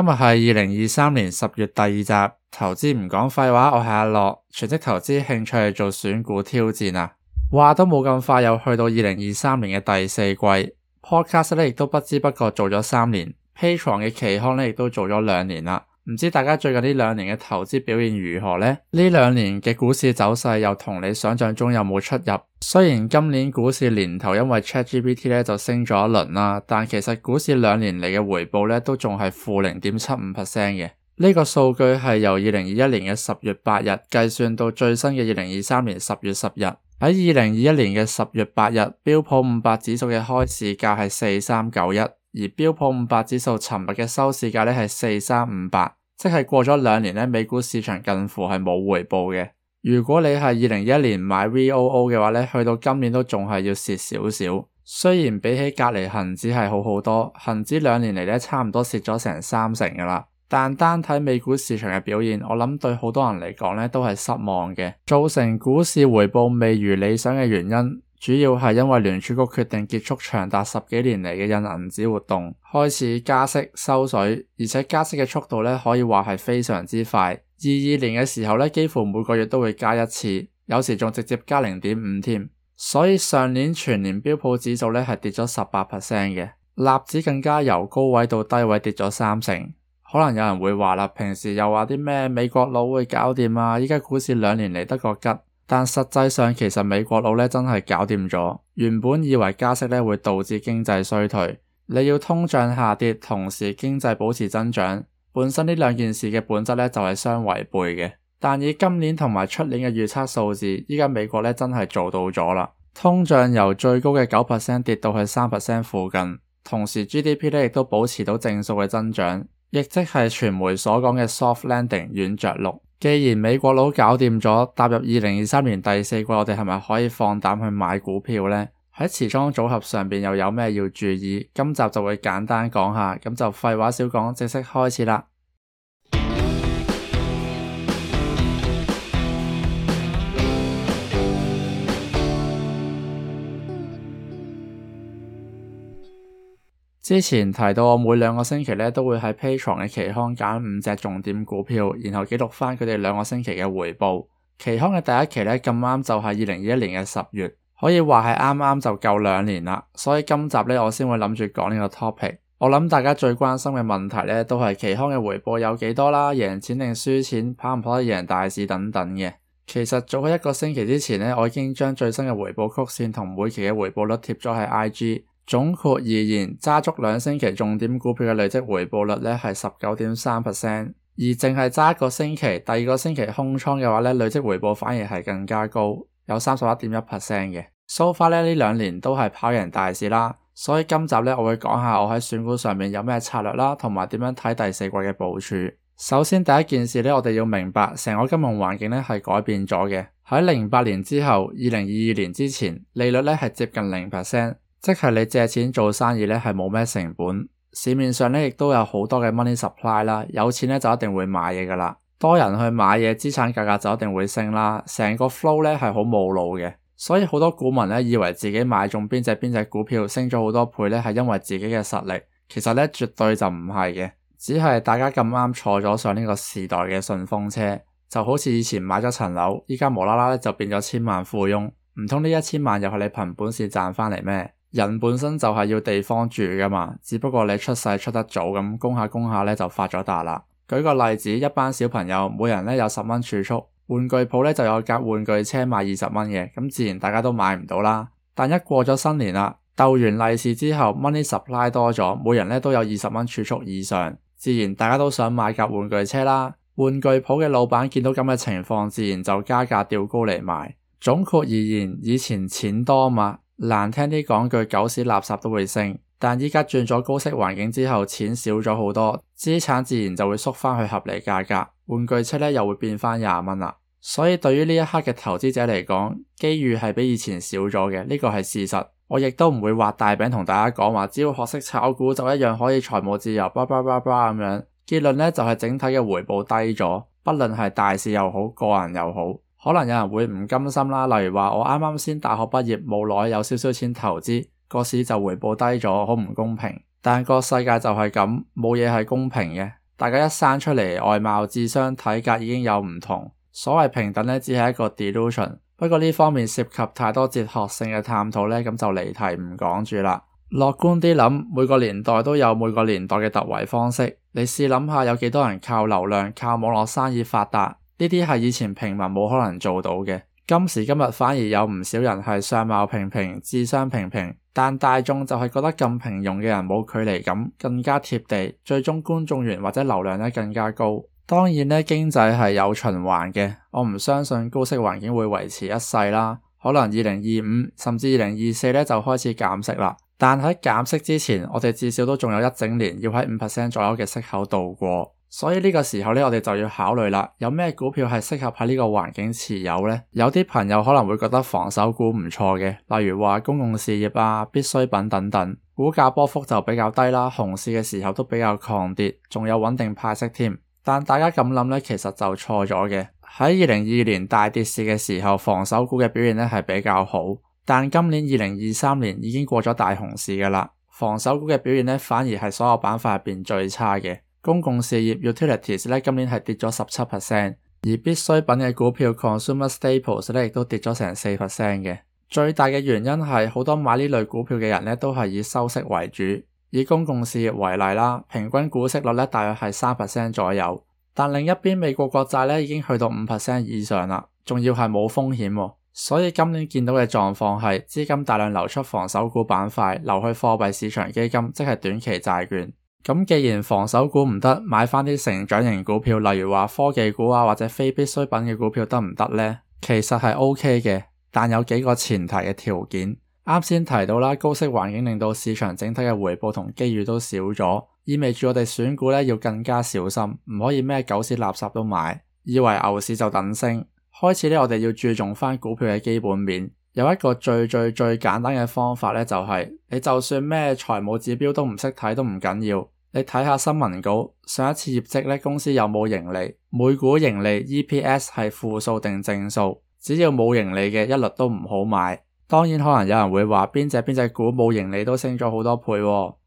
今日係二零二三年十月第二集，投資唔講廢話，我係阿樂，全職投資興趣做選股挑戰啊！話都冇咁快，又去到二零二三年嘅第四季，Podcast 咧亦都不知不覺做咗三年，Patreon 嘅期刊咧亦都做咗兩年啦。唔知大家最近呢兩年嘅投資表現如何呢？呢兩年嘅股市走勢又同你想象中有冇出入？雖然今年股市年頭因為 ChatGPT 咧就升咗一輪啦，但其實股市兩年嚟嘅回報咧都仲係負零點七五 percent 嘅。呢個數據係由二零二一年嘅十月八日計算到最新嘅二零二三年十月十日。喺二零二一年嘅十月八日，標普五百指數嘅開市價係四三九一，而標普五百指數尋日嘅收市價咧係四三五八。即係過咗兩年咧，美股市場近乎係冇回報嘅。如果你係二零一年買 VOO 嘅話咧，去到今年都仲係要蝕少少。雖然比起隔籬恒指係好好多，恒指兩年嚟咧差唔多蝕咗成三成㗎喇。但單睇美股市場嘅表現，我諗對好多人嚟講咧都係失望嘅。造成股市回報未如理想嘅原因，主要係因為聯儲局決定結束長達十幾年嚟嘅印銀紙活動，開始加息收水，而且加息嘅速度咧可以話係非常之快。二二年嘅時候咧，幾乎每個月都會加一次，有時仲直接加零點五添。所以上年全年標普指數咧係跌咗十八 percent 嘅，納指更加由高位到低位跌咗三成。可能有人會話啦，平時又話啲咩美國佬會搞掂啊，而家股市兩年嚟得個吉。但實際上其實美國佬呢真係搞掂咗，原本以為加息呢會導致經濟衰退，你要通脹下跌，同時經濟保持增長，本身呢兩件事嘅本質呢就係相違背嘅。但以今年同埋出年嘅預測數字，依家美國呢真係做到咗啦，通脹由最高嘅九 percent 跌到去三 percent 附近，同時 GDP 呢亦都保持到正數嘅增長，亦即係傳媒所講嘅 soft landing 軟着陸。既然美國佬搞掂咗，踏入二零二三年第四季，我哋係咪可以放膽去買股票呢？喺持倉組合上邊又有咩要注意？今集就會簡單講下，咁就廢話少講，正式開始啦。之前提到，我每兩個星期都會喺 Patreon 嘅期刊揀五隻重點股票，然後記錄翻佢哋兩個星期嘅回報。期刊嘅第一期呢，咁啱就係二零二一年嘅十月，可以話係啱啱就夠兩年啦。所以今集咧我先會諗住講呢個 topic。我諗大家最關心嘅問題呢，都係期刊嘅回報有幾多啦，贏錢定輸錢，跑唔跑得贏大市等等嘅。其實早喺一個星期之前呢，我已經將最新嘅回報曲線同每期嘅回報率貼咗喺 IG。總括而言，揸足兩星期重點股票嘅累積回報率咧係十九點三 percent，而淨係揸一個星期、第二個星期空倉嘅話咧，累積回報反而係更加高，有三十一點一 percent 嘅。So far 咧呢兩年都係跑贏大市啦，所以今集咧我會講下我喺選股上面有咩策略啦，同埋點樣睇第四季嘅部署。首先第一件事咧，我哋要明白成個金融環境咧係改變咗嘅。喺零八年之後，二零二二年之前，利率咧係接近零 percent。即係你借錢做生意咧，係冇咩成本。市面上咧亦都有好多嘅 money supply 啦，有錢呢就一定會買嘢噶啦。多人去買嘢，資產價格就一定會升啦。成個 flow 呢係好冇腦嘅，所以好多股民呢以為自己買中邊隻邊隻股票升咗好多倍呢係因為自己嘅實力，其實呢，絕對就唔係嘅，只係大家咁啱坐咗上呢個時代嘅順風車，就好似以前買咗層樓，依家無啦啦咧就變咗千萬富翁，唔通呢一千萬又係你憑本事賺翻嚟咩？人本身就係要地方住噶嘛，只不過你出世出得早，咁供下供下咧就發咗達啦。舉個例子，一班小朋友每人咧有十蚊儲蓄，玩具鋪咧就有一架玩具車賣二十蚊嘢，咁自然大家都買唔到啦。但一過咗新年啦，逗完利是之後，Money Supply 多咗，每人咧都有二十蚊儲蓄以上，自然大家都想買架玩具車啦。玩具鋪嘅老闆見到咁嘅情況，自然就加價調高嚟賣。總括而言，以前錢多嘛。難聽啲講句狗屎垃圾都會升，但依家轉咗高息環境之後，錢少咗好多，資產自然就會縮翻去合理價格。玩具車咧又會變翻廿蚊啦，所以對於呢一刻嘅投資者嚟講，機遇係比以前少咗嘅，呢、這個係事實。我亦都唔會畫大餅同大家講話，只要學識炒股就一樣可以財務自由。叭叭叭叭咁樣，結論咧就係、是、整體嘅回報低咗，不論係大市又好，個人又好。可能有人會唔甘心啦，例如話我啱啱先大學畢業冇耐，有少少錢投資，個市就回報低咗，好唔公平。但個世界就係咁，冇嘢係公平嘅。大家一生出嚟，外貌、智商、體格已經有唔同，所謂平等呢，只係一個 delusion。不過呢方面涉及太多哲學性嘅探討呢，咁就離題唔講住啦。樂觀啲諗，每個年代都有每個年代嘅突圍方式。你試諗下，有幾多人靠流量、靠網絡生意發達？呢啲係以前平民冇可能做到嘅，今時今日反而有唔少人係相貌平平、智商平平，但大眾就係覺得咁平庸嘅人冇距離感，更加貼地，最終觀眾緣或者流量呢更加高。當然呢經濟係有循環嘅，我唔相信高息環境會維持一世啦，可能二零二五甚至二零二四呢就開始減息啦。但喺減息之前，我哋至少都仲有一整年要喺五 percent 左右嘅息口度過，所以呢個時候呢，我哋就要考慮啦，有咩股票係適合喺呢個環境持有呢？有啲朋友可能會覺得防守股唔錯嘅，例如話公共事業啊、必需品等等，股價波幅就比較低啦，熊市嘅時候都比較抗跌，仲有穩定派息添。但大家咁諗呢，其實就錯咗嘅。喺二零二二年大跌市嘅時候，防守股嘅表現呢係比較好。但今年二零二三年已經過咗大熊市㗎啦，防守股嘅表現咧反而係所有板塊入邊最差嘅。公共事業 （utilities） 咧今年係跌咗十七 percent，而必需品嘅股票 （consumer staples） 咧亦都跌咗成四 percent 嘅。最大嘅原因係好多買呢類股票嘅人咧都係以收息為主。以公共事業為例啦，平均股息率咧大約係三 percent 左右，但另一邊美國國債咧已經去到五 percent 以上啦，仲要係冇風險喎。所以今年見到嘅狀況係資金大量流出防守股板塊，流去貨幣市場基金，即係短期債券。咁既然防守股唔得，買返啲成長型股票，例如話科技股啊，或者非必需品嘅股票得唔得呢？其實係 OK 嘅，但有幾個前提嘅條件。啱先提到啦，高息環境令到市場整體嘅回報同機遇都少咗，意味住我哋選股呢要更加小心，唔可以咩狗屎垃圾都買，以為牛市就等升。開始咧，我哋要注重翻股票嘅基本面。有一個最最最簡單嘅方法咧，就是，就係你就算咩財務指標都唔識睇都唔緊要，你睇下新聞稿，上一次業績咧公司有冇盈利，每股盈利 EPS 係負數定正數？只要冇盈利嘅一律都唔好買。當然可能有人會話邊隻邊隻股冇盈利都升咗好多倍，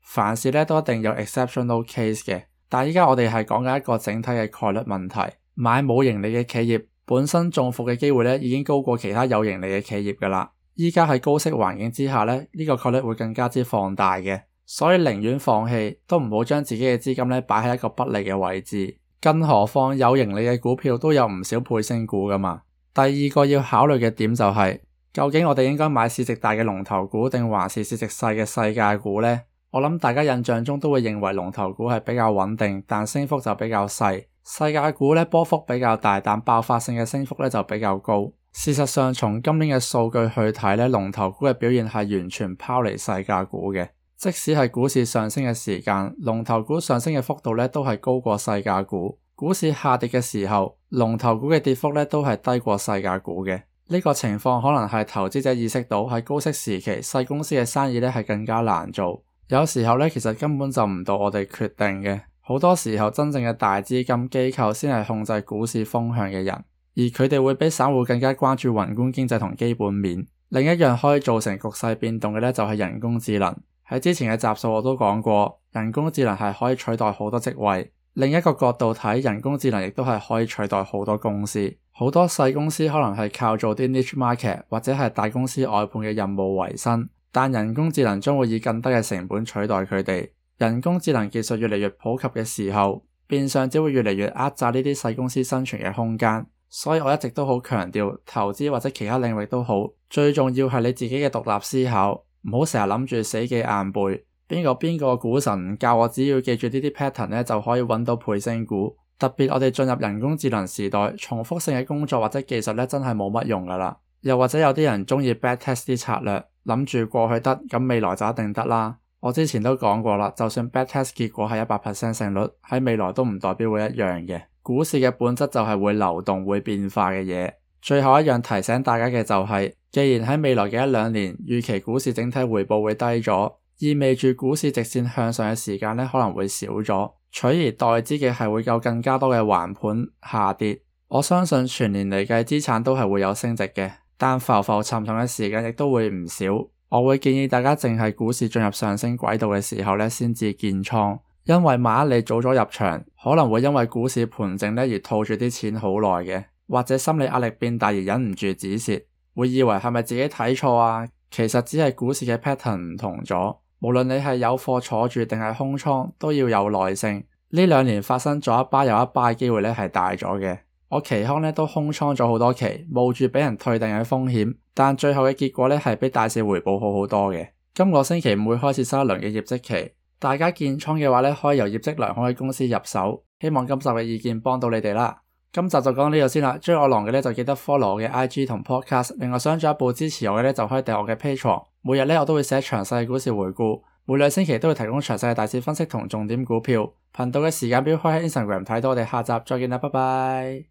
凡事咧都一定有 exceptional case 嘅。但係依家我哋係講緊一個整體嘅概率問題，買冇盈利嘅企業，本身中伏嘅機會咧已經高過其他有盈利嘅企業噶啦，依家喺高息環境之下咧，呢、這個概率會更加之放大嘅，所以寧願放棄都唔好將自己嘅資金咧擺喺一個不利嘅位置。更何況有盈利嘅股票都有唔少倍升股噶嘛。第二個要考慮嘅點就係、是，究竟我哋應該買市值大嘅龍頭股，定還是市值細嘅細價股呢？我諗大家印象中都會認為龍頭股係比較穩定，但升幅就比較細。細價股咧波幅比較大，但爆發性嘅升幅咧就比較高。事實上，從今年嘅數據去睇咧，龍頭股嘅表現係完全拋離細價股嘅。即使係股市上升嘅時間，龍頭股上升嘅幅度咧都係高過細價股。股市下跌嘅時候，龍頭股嘅跌幅咧都係低過細價股嘅。呢個情況可能係投資者意識到喺高息時期，細公司嘅生意咧係更加難做。有時候呢，其實根本就唔到我哋決定嘅。好多時候，真正嘅大資金機構先係控制股市風向嘅人，而佢哋會比散戶更加關注宏觀經濟同基本面。另一樣可以造成局勢變動嘅呢，就係人工智能。喺之前嘅集數我都講過，人工智能係可以取代好多職位。另一個角度睇，人工智能亦都係可以取代好多公司。好多細公司可能係靠做啲 niche market 或者係大公司外判嘅任務為生。但人工智能將會以更低嘅成本取代佢哋。人工智能技術越嚟越普及嘅時候，變相只會越嚟越壓榨呢啲細公司生存嘅空間。所以我一直都好強調，投資或者其他領域都好，最重要係你自己嘅獨立思考，唔好成日諗住死記硬背。邊個邊個股神教我只要記住呢啲 pattern 呢，就可以揾到倍升股。特別我哋進入人工智能時代，重複性嘅工作或者技術呢，真係冇乜用㗎喇。又或者有啲人中意 back test 啲策略，諗住過去得咁，未來就一定得啦。我之前都講過啦，就算 back test 結果係一百 percent 勝率，喺未來都唔代表會一樣嘅。股市嘅本質就係會流動、會變化嘅嘢。最後一樣提醒大家嘅就係，既然喺未來嘅一兩年預期股市整體回報會低咗，意味住股市直線向上嘅時間咧可能會少咗，取而代之嘅係會有更加多嘅橫盤下跌。我相信全年嚟計資產都係會有升值嘅。但浮浮沉沉嘅時間亦都會唔少，我會建議大家淨係股市進入上升軌道嘅時候咧，先至建倉，因為萬一你早咗入場，可能會因為股市盤整咧而套住啲錢好耐嘅，或者心理壓力變大而忍唔住止蝕，會以為係咪自己睇錯啊？其實只係股市嘅 pattern 唔同咗，無論你係有貨坐住定係空倉，都要有耐性。呢兩年發生咗一波又一波嘅機會咧，係大咗嘅。我期刊呢都空倉咗好多期，冒住俾人退訂嘅風險，但最後嘅結果呢係比大市回報好好多嘅。今個星期五會開始新一輪嘅業績期，大家建倉嘅話呢可以由業績良好嘅公司入手。希望今集嘅意見幫到你哋啦。今集就講到呢度先啦。追我浪嘅呢，就記得 follow 我嘅 IG 同 Podcast。另外想進一步支持我嘅呢，就可以訂我嘅 Patreon。每日呢，我都會寫詳細嘅股市回顧，每兩星期都會提供詳細嘅大市分析同重點股票。頻道嘅時間表可以喺 Instagram 睇到。我哋下集再見啦，拜拜。